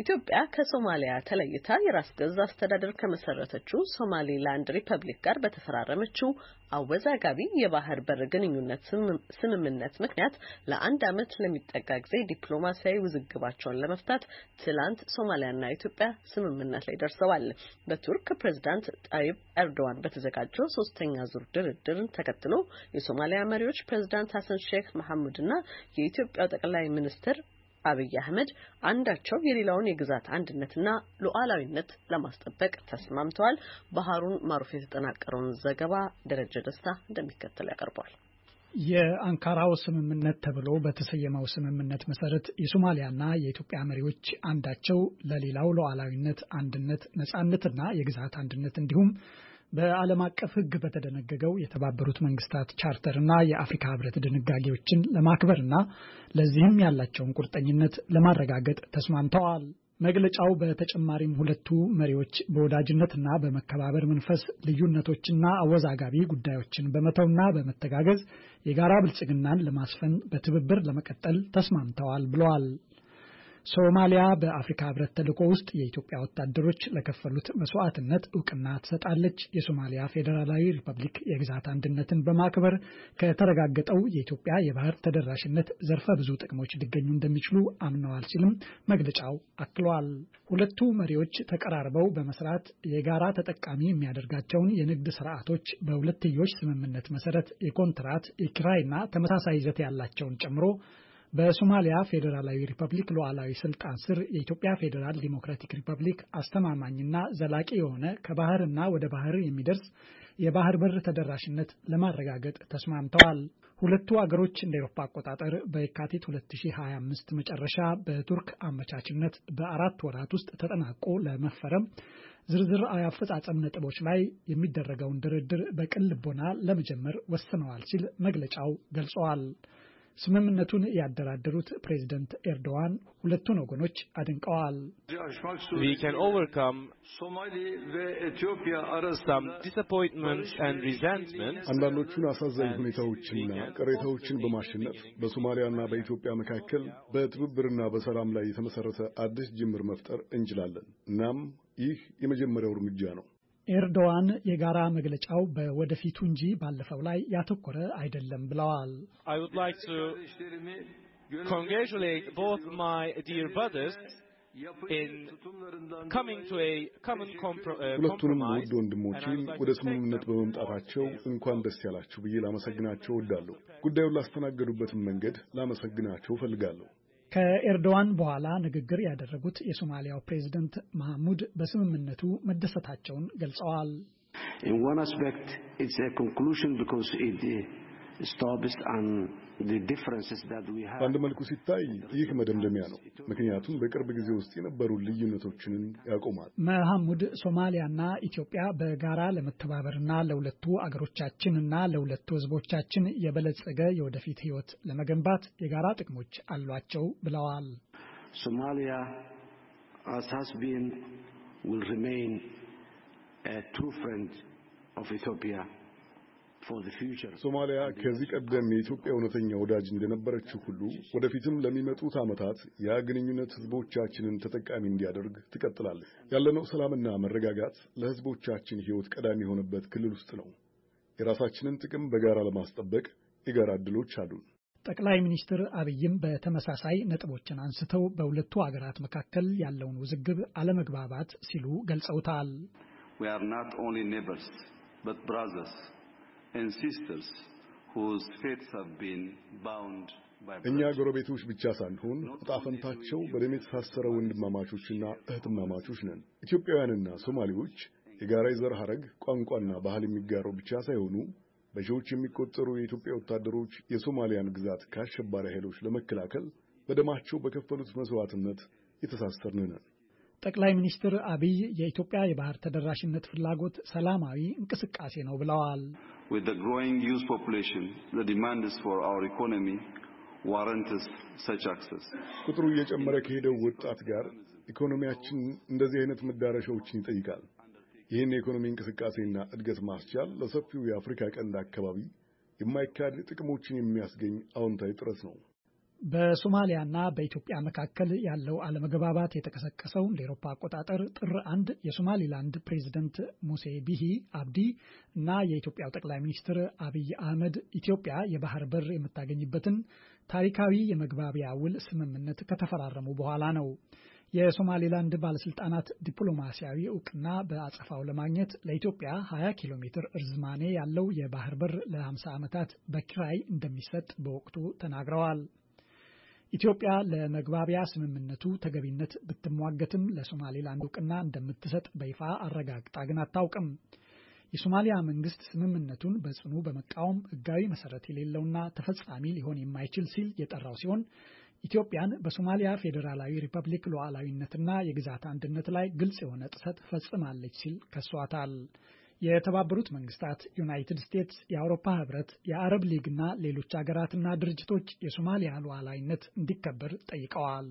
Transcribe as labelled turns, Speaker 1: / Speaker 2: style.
Speaker 1: ኢትዮጵያ ከሶማሊያ ተለይታ የራስ ገዝ አስተዳደር ከመሰረተችው ላንድ ሪፐብሊክ ጋር በተፈራረመችው አወዛጋቢ የባህር በር ግንኙነት ስምምነት ምክንያት ለአንድ ዓመት ለሚጠጋ ጊዜ ዲፕሎማሲያዊ ውዝግባቸውን ለመፍታት ትላንት ሶማሊያና ኢትዮጵያ ስምምነት ላይ ደርሰዋል። በቱርክ ፕሬዚዳንት ጣይብ ኤርዶዋን በተዘጋጀው ሶስተኛ ዙር ድርድርን ተከትሎ የሶማሊያ መሪዎች ፕሬዚዳንት ሀሰን ሼክ መሐሙድና የኢትዮጵያው ጠቅላይ ሚኒስትር አብይ አህመድ አንዳቸው የሌላውን የግዛት አንድነትና ሉዓላዊነት ለማስጠበቅ ተስማምተዋል። ባህሩን ማሩፍ የተጠናቀረውን ዘገባ ደረጀ ደስታ እንደሚከተል ያቀርቧል።
Speaker 2: የአንካራው ስምምነት ተብሎ በተሰየመው ስምምነት መሰረት የሶማሊያና የኢትዮጵያ መሪዎች አንዳቸው ለሌላው ሉዓላዊነት፣ አንድነት፣ ነጻነትና የግዛት አንድነት እንዲሁም በዓለም አቀፍ ሕግ በተደነገገው የተባበሩት መንግስታት ቻርተር እና የአፍሪካ ህብረት ድንጋጌዎችን ለማክበርና ለዚህም ያላቸውን ቁርጠኝነት ለማረጋገጥ ተስማምተዋል። መግለጫው በተጨማሪም ሁለቱ መሪዎች በወዳጅነትና በመከባበር መንፈስ ልዩነቶችና አወዛጋቢ ጉዳዮችን በመተውና በመተጋገዝ የጋራ ብልጽግናን ለማስፈን በትብብር ለመቀጠል ተስማምተዋል ብለዋል። ሶማሊያ በአፍሪካ ህብረት ተልዕኮ ውስጥ የኢትዮጵያ ወታደሮች ለከፈሉት መስዋዕትነት እውቅና ትሰጣለች። የሶማሊያ ፌዴራላዊ ሪፐብሊክ የግዛት አንድነትን በማክበር ከተረጋገጠው የኢትዮጵያ የባህር ተደራሽነት ዘርፈ ብዙ ጥቅሞች ሊገኙ እንደሚችሉ አምነዋል ሲልም መግለጫው አክሏል። ሁለቱ መሪዎች ተቀራርበው በመስራት የጋራ ተጠቃሚ የሚያደርጋቸውን የንግድ ስርዓቶች በሁለትዮሽ ስምምነት መሰረት የኮንትራት የኪራይና ተመሳሳይ ይዘት ያላቸውን ጨምሮ በሶማሊያ ፌዴራላዊ ሪፐብሊክ ሉዓላዊ ስልጣን ስር የኢትዮጵያ ፌዴራል ዲሞክራቲክ ሪፐብሊክ አስተማማኝና ዘላቂ የሆነ ከባህርና ወደ ባህር የሚደርስ የባህር በር ተደራሽነት ለማረጋገጥ ተስማምተዋል። ሁለቱ አገሮች እንደ ኤሮፓ አቆጣጠር በየካቲት 2025 መጨረሻ በቱርክ አመቻችነት በአራት ወራት ውስጥ ተጠናቆ ለመፈረም ዝርዝር አፈጻጸም ነጥቦች ላይ የሚደረገውን ድርድር በቅን ልቦና ለመጀመር ወስነዋል ሲል መግለጫው ገልጸዋል። ስምምነቱን ያደራደሩት ፕሬዚደንት ኤርዶዋን ሁለቱን ወገኖች አድንቀዋል።
Speaker 1: አንዳንዶቹን አሳዛኝ ሁኔታዎችና ቅሬታዎችን በማሸነፍ በሶማሊያና በኢትዮጵያ መካከል በትብብርና በሰላም ላይ የተመሰረተ አዲስ ጅምር መፍጠር እንችላለን። እናም ይህ የመጀመሪያው እርምጃ ነው።
Speaker 2: ኤርዶዋን የጋራ መግለጫው በወደፊቱ እንጂ ባለፈው ላይ ያተኮረ አይደለም ብለዋል።
Speaker 1: ሁለቱንም ውድ ወንድሞቼን ወደ ስምምነት በመምጣታቸው እንኳን ደስ ያላችሁ ብዬ ላመሰግናቸው እወዳለሁ። ጉዳዩን ላስተናገዱበትን መንገድ ላመሰግናቸው እፈልጋለሁ።
Speaker 2: ከኤርዶዋን በኋላ ንግግር ያደረጉት የሶማሊያው ፕሬዝደንት መሐሙድ በስምምነቱ መደሰታቸውን ገልጸዋል።
Speaker 1: በአንድ መልኩ ሲታይ ይህ መደምደሚያ ነው፣ ምክንያቱም በቅርብ ጊዜ ውስጥ የነበሩ ልዩነቶችንን ያቆማል።
Speaker 2: መሐሙድ ሶማሊያና ኢትዮጵያ በጋራ ለመተባበርና ለሁለቱ አገሮቻችንና ለሁለቱ ሕዝቦቻችን የበለጸገ የወደፊት ሕይወት ለመገንባት የጋራ ጥቅሞች አሏቸው ብለዋል። ሶማሊያ
Speaker 1: as has been will ሶማሊያ ከዚህ ቀደም የኢትዮጵያ እውነተኛ ወዳጅ እንደነበረችው ሁሉ ወደፊትም ለሚመጡት ዓመታት ያ ግንኙነት ህዝቦቻችንን ተጠቃሚ እንዲያደርግ ትቀጥላለች። ያለነው ሰላምና መረጋጋት ለህዝቦቻችን ህይወት ቀዳሚ የሆነበት ክልል ውስጥ ነው። የራሳችንን ጥቅም በጋራ ለማስጠበቅ የጋራ እድሎች አሉን።
Speaker 2: ጠቅላይ ሚኒስትር አብይም በተመሳሳይ ነጥቦችን አንስተው በሁለቱ አገራት መካከል ያለውን ውዝግብ አለመግባባት ሲሉ ገልጸውታል።
Speaker 1: We are not only neighbors, but brothers. and sisters whose fates have been bound እኛ ጎረቤቶች ብቻ ሳንሆን ዕጣ ፈንታቸው በደም የተሳሰረ ወንድማማቾችና እህትማማቾች ነን። ኢትዮጵያውያንና ሶማሌዎች የጋራ የዘር ሐረግ፣ ቋንቋና ባህል የሚጋሩ ብቻ ሳይሆኑ በሺዎች የሚቆጠሩ የኢትዮጵያ ወታደሮች የሶማሊያን ግዛት ከአሸባሪ ኃይሎች ለመከላከል በደማቸው በከፈሉት መስዋዕትነት የተሳሰርን
Speaker 2: ነን። ጠቅላይ ሚኒስትር አብይ የኢትዮጵያ የባህር ተደራሽነት ፍላጎት ሰላማዊ እንቅስቃሴ ነው ብለዋል። ቁጥሩ እየጨመረ ከሄደው ወጣት ጋር
Speaker 1: ኢኮኖሚያችን እንደዚህ አይነት መዳረሻዎችን ይጠይቃል። ይህን የኢኮኖሚ እንቅስቃሴና እድገት ማስቻል ለሰፊው የአፍሪካ ቀንድ አካባቢ የማይካድ ጥቅሞችን የሚያስገኝ አዎንታዊ ጥረት ነው።
Speaker 2: በሶማሊያና በኢትዮጵያ መካከል ያለው አለመግባባት የተቀሰቀሰው እንደ ኤሮፓ አቆጣጠር ጥር አንድ የሶማሊላንድ ፕሬዚደንት ሙሴ ቢሂ አብዲ እና የኢትዮጵያው ጠቅላይ ሚኒስትር አብይ አህመድ ኢትዮጵያ የባህር በር የምታገኝበትን ታሪካዊ የመግባቢያ ውል ስምምነት ከተፈራረሙ በኋላ ነው። የሶማሌላንድ ባለስልጣናት ዲፕሎማሲያዊ እውቅና በአጸፋው ለማግኘት ለኢትዮጵያ 20 ኪሎ ሜትር እርዝማኔ ያለው የባህር በር ለ50 ዓመታት በኪራይ እንደሚሰጥ በወቅቱ ተናግረዋል። ኢትዮጵያ ለመግባቢያ ስምምነቱ ተገቢነት ብትሟገትም ለሶማሌላንድ እውቅና እንደምትሰጥ በይፋ አረጋግጣ ግን አታውቅም። የሶማሊያ መንግስት ስምምነቱን በጽኑ በመቃወም ህጋዊ መሰረት የሌለውና ተፈጻሚ ሊሆን የማይችል ሲል የጠራው ሲሆን ኢትዮጵያን በሶማሊያ ፌዴራላዊ ሪፐብሊክ ሉዓላዊነትና የግዛት አንድነት ላይ ግልጽ የሆነ ጥሰት ፈጽማለች ሲል ከሷታል። የተባበሩት መንግስታት፣ ዩናይትድ ስቴትስ፣ የአውሮፓ ህብረት፣ የአረብ ሊግና ሌሎች አገራትና ድርጅቶች የሶማሊያ ሉዓላዊነት እንዲከበር ጠይቀዋል።